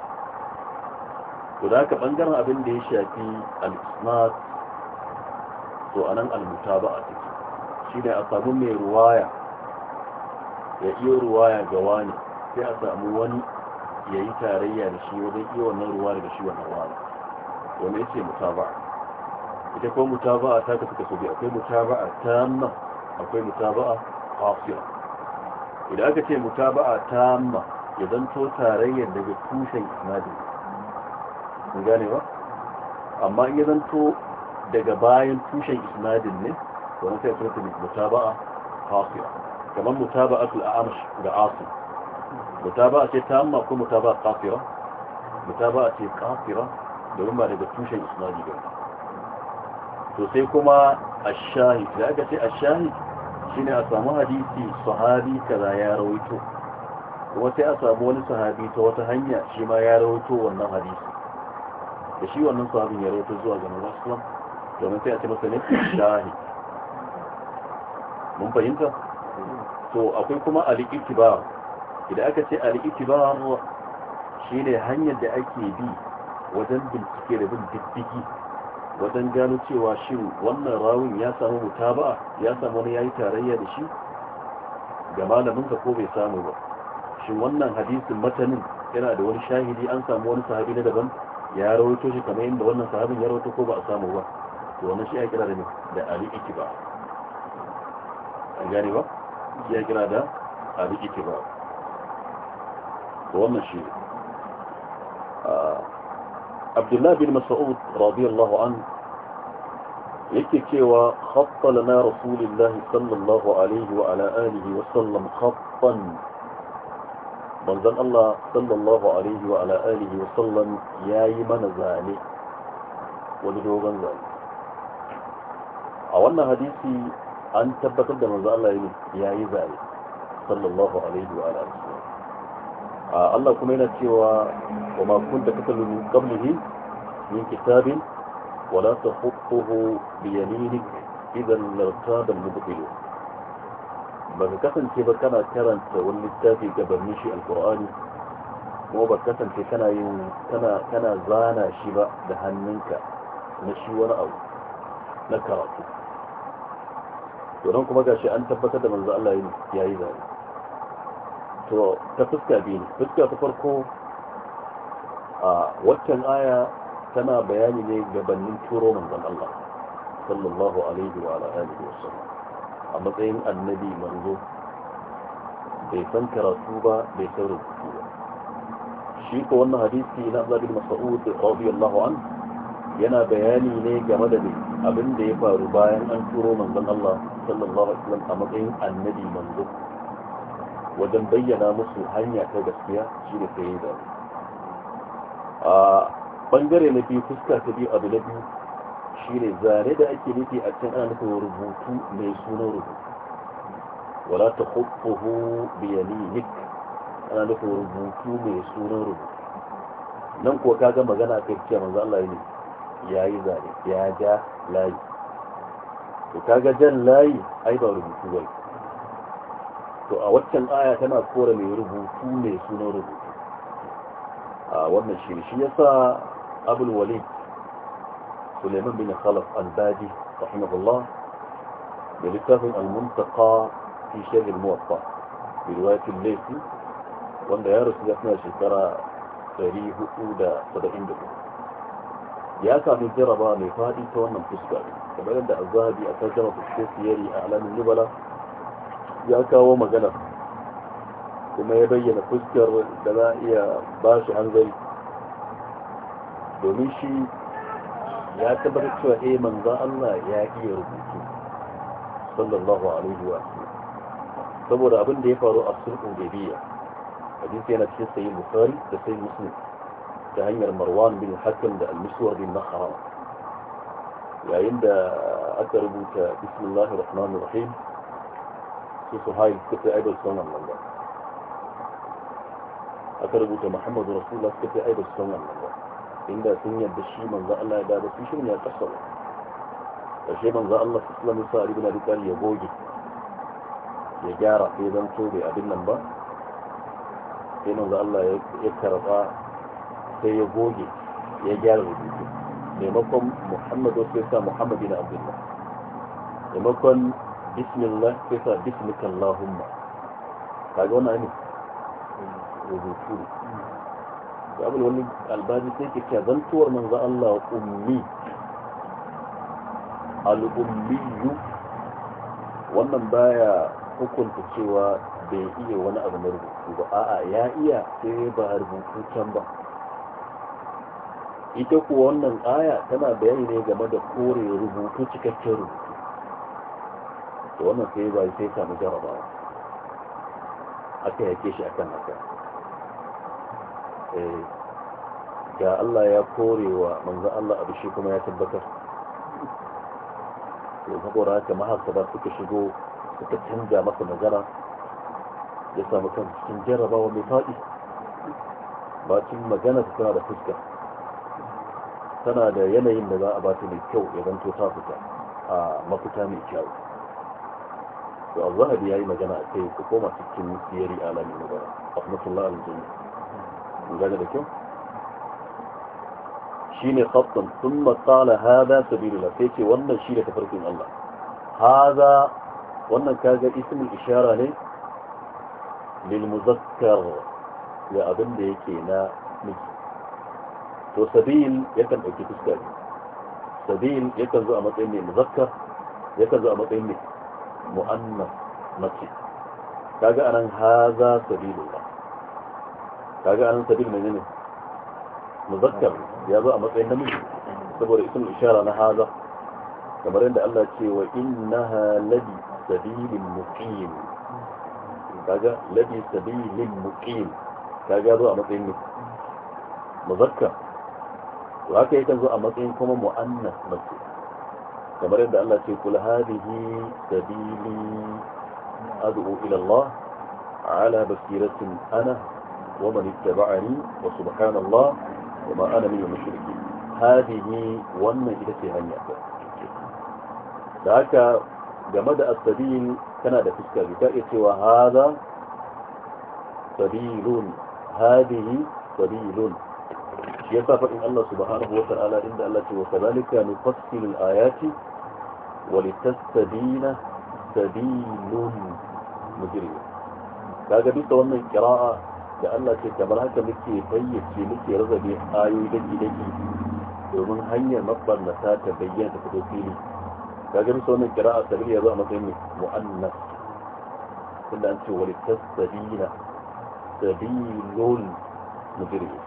to da haka bangaren abin da ya shafi al-isnad to anan al-mutaba'a take shi ne a samu mai ruwaya ya iya ruwaya ga wani sai a samu wani ya yi tarayya da shi wajen iya wannan ruwa daga shi wannan wani wani ya ce mutaba'a ita kuma mutaba'a ta kasu kaso biyu akwai mutaba'a ta nan akwai mutaba'a kafira. idan aka ce mutaba'a tamma ya zanto tarayyar daga tushen isnadi kun gane ba amma in ya zanto daga bayan tushen isnadin ne to na sai surta mutaba'a kafira. kamar mutaba'a mutaba'atul a'amash ga asim mutaba'a ce tamma ko mutaba'a kafira? mutaba'a ce kafira domin ba daga tushen isnadi ba to sai kuma ash-shahid da aka ce ash-shahid shine a samu hadisi sahabi kaza ya rawaito wata a samu wani sahabi ta wata hanya shi ma ya rawaito wannan hadisi da shi wannan sahabin ya rawaito zuwa ga Manzon domin sai a ce masa ne shahi mun fahimta to akwai kuma al-ittiba idan aka ce al-ittiba shine hanyar da ake bi wajen bincike da bin diddigi wajen gano cewa shin wannan rawun ya samu ba ya samu wani yayi tarayya da shi ga malamin ka ko bai samu ba shin wannan hadisin matanin yana da wani shahidi an samu wani sahabi na daban ya rawaito shi kamar yadda wannan sahabin ya rawaito ko ba a samu ba to wannan shi ya kira da ne da ali ikiba an gane ba shi ya kira da ali ikiba to wannan shi abdullahi bin mas'ud radiyallahu an yake cewa khaffa lana rasulillahi sallallahu alaihi wa ala alihi wa sallam khaffan manzon Allah sallallahu alaihi wa ala alihi wa sallam yayi mana zane wani dogon zane a wannan hadisi an tabbatar da manzon Allah yayi zane sallallahu alaihi wa ala alihi Allah kuma yana cewa wa ma kunta katalu qablihi min kitabin ولا تخطه بيمينك إذا لارتاب المبطلون ba ka kasance ba kana karanta wani littafi gabanin shi alkur'ani kuma ba kasance kana yin kana zana shi ba da hannunka na shi wani abu na karatu to don kuma gashi an tabbatar da manzo Allah yayi zane to ta fuska biyu fuska ta farko a waccan aya tana bayani ne gabanin turo manzon Allah sallallahu alaihi wa alihi wasallam a matsayin annabi manzo bai san karatu ba bai san rubutu ba shi ko wannan hadisi na Abdul Mas'ud radiyallahu an yana bayani ne game da abin da ya faru bayan an turo manzon Allah sallallahu alaihi wa wasallam a matsayin annabi manzo wajen bayyana musu hanya ta gaskiya shi ne ta da zaɓe a bangare na biyu fuska ta biyu abu na biyu shi ne zane da ake nufi a can ana nufin rubutu mai sunan rubutu wala ta hukuhu nik ana nufin rubutu mai sunan rubutu nan ko kaga magana kai ce manzo Allah ne ya yi zare ya ja layi to kaga jan layi ai ba rubutu bai to a waccan aya tana kora mai rubutu ne sunan rubutu a wannan shi shi yasa abul walid suleiman bin khalaf al-badi rahimahullah da littafin al muntaqa fi al muwaffa bi riwayatin laifi wanda ya rasu ya suna shekara 474 ya sami jaraba mai fadi ta wannan fuska kamar yadda azabi a kan jaraba fuskoki yari a alamin nubala ya kawo magana kuma ya bayyana fuskar da za a iya ba shi hanzari domin shi ya tabbatar cewa eh manzo Allah ya iya rubutu sallallahu alaihi wa saboda abin da ya faru a sulhul hudaybiyya hadisi yana cikin sahih bukhari da sahih muslim ta hanyar marwan bin hakan da al-miswar bin makhara yayin da aka rubuta bismillahir rahmanir rahim su su hain suka yi aibar son wannan ba aka rubuta muhammadu rasulullah suka yi aibar son wannan ba inda sun yadda shi manzo Allah ya dada su shi ne ya kasar ƙarshe manzo Allah su sulami sa a ribina rikar ya goge ya gyara sai zan to bai abin nan ba sai manzo Allah ya karɓa sai ya goge ya gyara rubutu maimakon muhammadu sai sa muhammadu na abdullah maimakon bismillah sai sa bismika Allahumma kaga wannan ne rubutu da abul wani albani sai ke cewa zantuwar manzo Allah ummi al wannan baya hukunta cewa bai iya wani abu na rubutu ba a'a ya iya sai ba a rubutu can ba ita kuwa wannan aya tana bayani ne game da kore rubutu cikakken rubutu to wannan sai ba sai samu jarabawa aka yake shi akan haka ga eh, Allah ya korewa manzo Allah abu shi kuma ya tabbatar to saboda haka mahasaba suka shigo suka canza masa magana ya samu kan cikin jarabawa mai faɗi bacin magana su tana da fuska tana da yanayin da za a ba ta mai kyau ya zanto ta fita a mafita mai kyau to az-zahabi yayi magana a kai ku koma cikin siyari alami na bara rahmatullahi alayhi ga da kyau shine khattan thumma qala hada sabilullah sai ce wannan shi da tafarkin Allah hada wannan kaga ismul ishara ne lil muzakkar ya abin da yake na miki to sabil yakan dauki fuska sabil yakan zo a matsayin ne muzakkar yakan zo a matsayin ne mu'annas mace kaga anan haza sabilullah kaga anan sabil menene muzakkar ya zo a matsayin namiji saboda ismul ishara na haza kamar yadda Allah ya ce wa innaha ladi sabilin muqim kaga ladi sabilin muqim kaga zo a matsayin ne muzakkar to haka yakan zo a matsayin kuma mu'annas mace kamar yadda Allah ce kula hadihi sabili ad'u ila Allah ala basiratin ana wa man ittaba'ani wa subhanallah wa ma ana min mushrikeen hadihi wannan ita ce hanya da haka game da asabil tana da fuska ta iya cewa hada sabilun hadihi sabilun يسافر الله سبحانه وتعالى عند التي وكذلك نفصل الآيات ولتستبين سبيل مجرية كاغا بيتا القراءة الكراءة لألا تتبرهك لكي في لكي رضا بآيو إليه إليه ومن هيا نطبر نساك بيانة فتوكيلي كاغا بيتا القراءة سبيل يضع مطيني مؤنف إلا أنت ولتستبين سبيل مجرية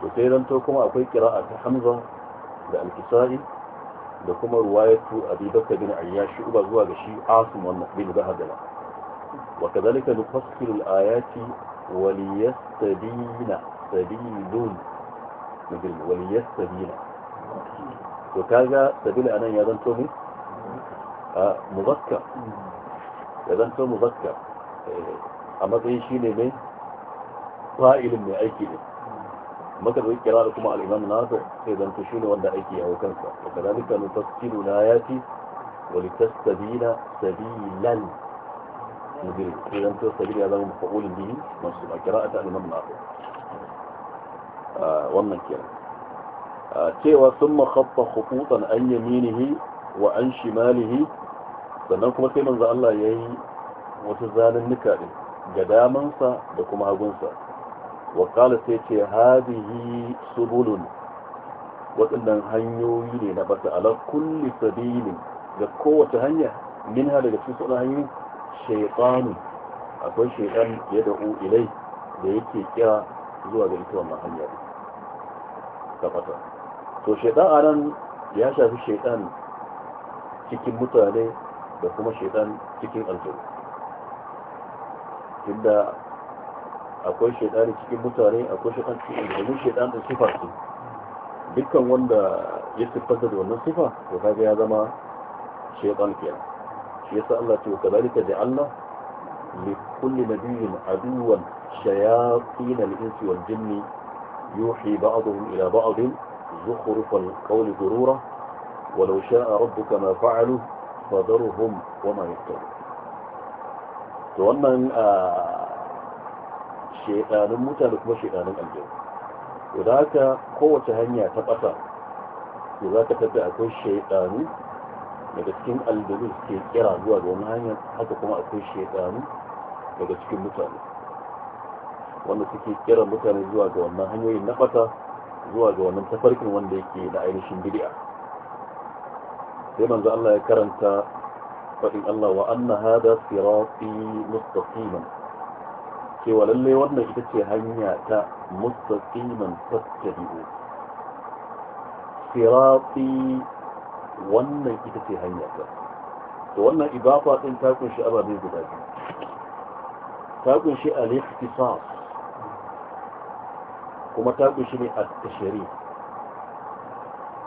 to sai zanto kuma akwai kira'a ta hamza da al alkisa'i da kuma ruwayatu abubakar bin ayyashi uba zuwa ga shi asim wannan bin gahadala wa kadhalika nufassilu al-ayati wa liyastadina sabilun mujrim wa liyastadina to kaga sabil anan ya zanto ne a muzakkar ya zanto muzakkar eh, a matsayin shine ne fa'ilin mai aiki ne maka da kira da kuma al'imam nasa sai zanto shi ne wanda ake yawo kansa wa kadalika nu tafsiru na ya wani ta Sabina sabilan mudil sai zanto Sabina ya zama mafa'ulin bihi masu a kira ta al'imam nasa ah, wannan kira ah, cewa sun makhaffa khututan an yi yaminihi wa an shimalihi sannan kuma sai manzo Allah ya yi wata zalunnuka din ga damansa da kuma hagunsa wakala sai ce hadihi subulun waɗannan hanyoyi ne na bata ala kulli sabili ga kowace hanya min ha daga cikin sunan hanyoyi shaytanu akwai shaytan ya u ilai da yake kira zuwa ga ita wannan hanya ta bata to a nan ya shafi shaiɗan cikin mutane da kuma shaytan cikin aljanu inda akwai shaidari cikin mutane akwai shaidani cikin domin shaidan da sifa ce dukkan wanda ya siffanta da wannan sifa to kaga ya zama shaidan kenan shi yasa Allah ce kadalika da Allah li kulli nabiyyin aduwan shayatin al-insi wal jinni yuhi ba'dhum ila ba'd زخرف القول غرورا ولو شاء ربك ما فعلوا فذرهم وما يفترون to wannan ah, shaidanin mutane kuma shaidanin aljanu to da haka kowace hanya ta ƙasa to za ka tafi akwai shaidanu daga cikin aljanu suke kira zuwa ga wani hanyar haka kuma akwai shaidanu daga cikin mutane wanda suke kira mutane zuwa ga wannan hanyoyin na ɓata zuwa ga wannan tafarkin wanda yake na ainihin bid'a sai manzo Allah ya karanta faɗin Allah wa anna hada sirati mustaqiman cewa lalle wanda ita ce hanya ta mustaqiman tattabi'u sirati wannan ita ce hanya ta to wannan ibafa din ta kunshi ababe guda biyu ta kunshi al-ikhtisas kuma ta kunshi ne at-tashri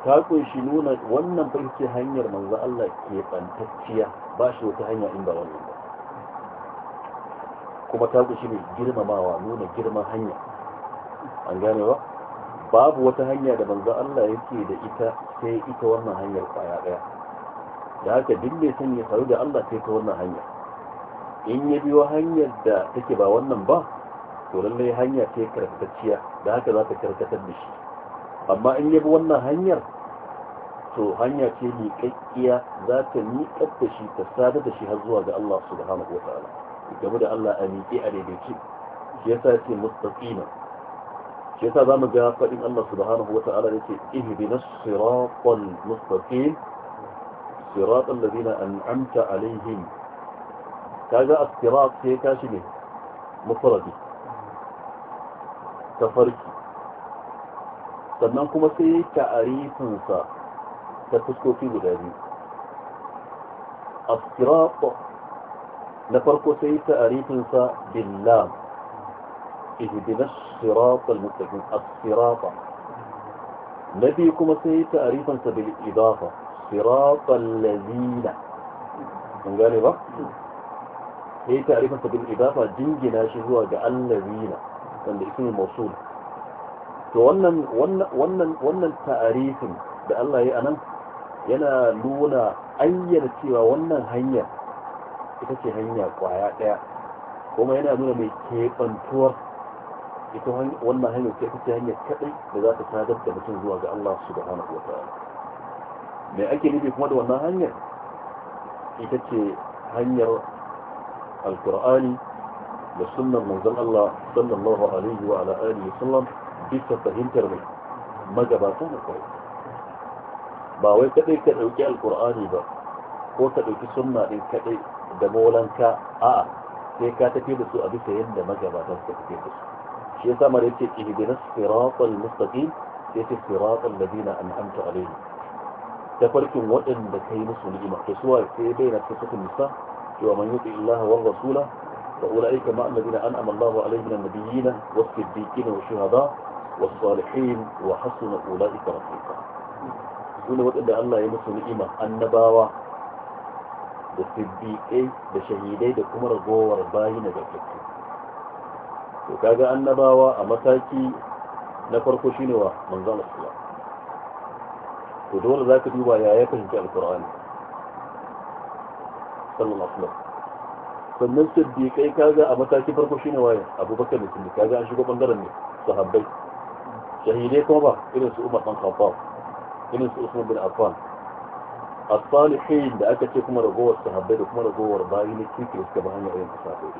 ta kunshi nuna wannan fa ita hanyar manzo Allah ke bantacciya ba shi wata hanya in ba wannan ba kuma ta shi ne girmamawa nuna girman hanya an gane ba babu wata hanya da manzo Allah yake da ita sai ita wannan hanyar kwaya daya da haka duk mai son ya faru da Allah sai ta wannan hanya in ya biyo hanyar da take ba wannan ba to lallai hanya ce karkatacciya da haka za ta karkatar da shi amma in ya bi wannan hanyar to hanya ce kakkiya za ta miƙar da shi ta sadar da shi har zuwa ga Allah subhanahu wa game da Allah a miƙe a daidaice shi yasa ce mustaqima shi yasa zamu ga fadin Allah subhanahu wata'ala yace ihdinas siratal mustaqim siratal ladina an'amta alaihim kaga as-sirat sai ka shi ne mufradi tafarki sannan kuma sai ta'arifinsa ta fuskoki guda biyu as-sirat na farko sai ta arifinsa billah ihdina as-sirata al-mustaqim as-sirata na biyu kuma sai ta arifinsa bil idafa sirata allazina kun gane ba sai ta arifinsa bil idafa jingina shi zuwa ga al allazina wanda ismul mawsul to wannan wannan wannan ta'arifin da Allah ya anan yana nuna ayyana cewa wannan hanyar ita ce hanya kwaya ɗaya kuma yana nuna mai keɓantuwar ita wannan hanyar ce ita ce hanyar kaɗai da za ta sadar da mutum zuwa ga Allah subhanahu wa ta'ala me ake nufi kuma da wannan hanyar ita ce hanyar alkur'ani da sunan manzon Allah sallallahu alaihi wa ala alihi sallam bisa fahimtar mai magabata na ba wai kadai ka dauki alkur'ani ba ko ka dauki sunna din kadai da molanka a'a sai ka tafi da su a bisa yadda magabatan su tafi da su shi yasa mara yace ihdina siratal mustaqim sai ce siratal ladina an'amta alaihim ta farkin waɗanda kai musu ni'ima to suwa sai bai na cikin nisa cewa man yuti illaha wal rasula fa ulaika ma alladina an'ama Allahu alaihim min nabiyyin was-siddiqin wash-shuhada was-salihin wa hasuna ulaika rafiqa sune waɗanda Allah ya musu ni'ima annabawa da siddiƙai da shahidai da kuma ragowar bayi na gaskatu to kaga annabawa a mataki na farko shine wa manzon Allah to dole zaka duba ya ya fahimci alqur'ani sallallahu alaihi wasallam sannan siddiƙai kaga a mataki farko shine waye abubakar da siddiƙ kaga an shigo bangaren ne sahabbai shahidai kuma ba irin su umar bin khattab irin su usman bin affan as-salihin da aka ce kuma ragowar sahabbai da kuma ragowar bayi ne kirkir suka ba hanyar yin kasafai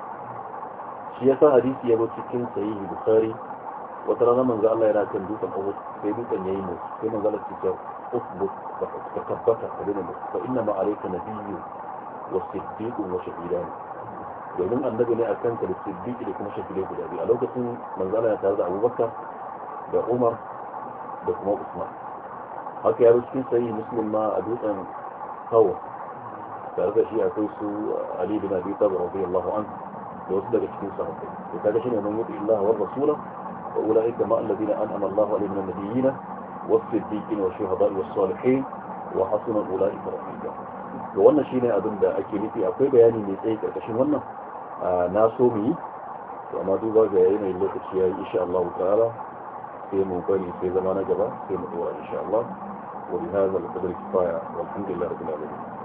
shi ya sa hadisi ya ba cikin sahihi bukhari wata rana manzo Allah yana kan dukan abu sai dukan yayi mu sai manzo Allah ya usbut ka tabbata ka dena fa inna ma alayka nabiyyu wa siddiqun wa shahidan domin annabi ne akan ka da siddiqi da kuma shahidai guda biyu a lokacin manzo Allah ya tare da Abubakar da Umar da kuma Usman haka ya cikin sayi muslim ma a dutsen hawa tare da shi akwai su ali bin abi tabar radiyallahu anhu da wasu daga cikin sahabbai to kaga shine man yuti Allah wa rasula wa ulaika ma alladhina an'ama Allah alaihim min nabiyyin was-siddiqin wash-shuhada'i was-salihin wa hasuna ulaika rafiqa to wannan shine abin da ake nufi akwai bayani mai tsayi karkashin wannan na so mu yi to amma duba ga yanayin lokaci yayi insha Allah ta'ala sai mu bari sai zama na gaba sai mu dora insha Allah وبهذا القدر كفاية والحمد لله رب العالمين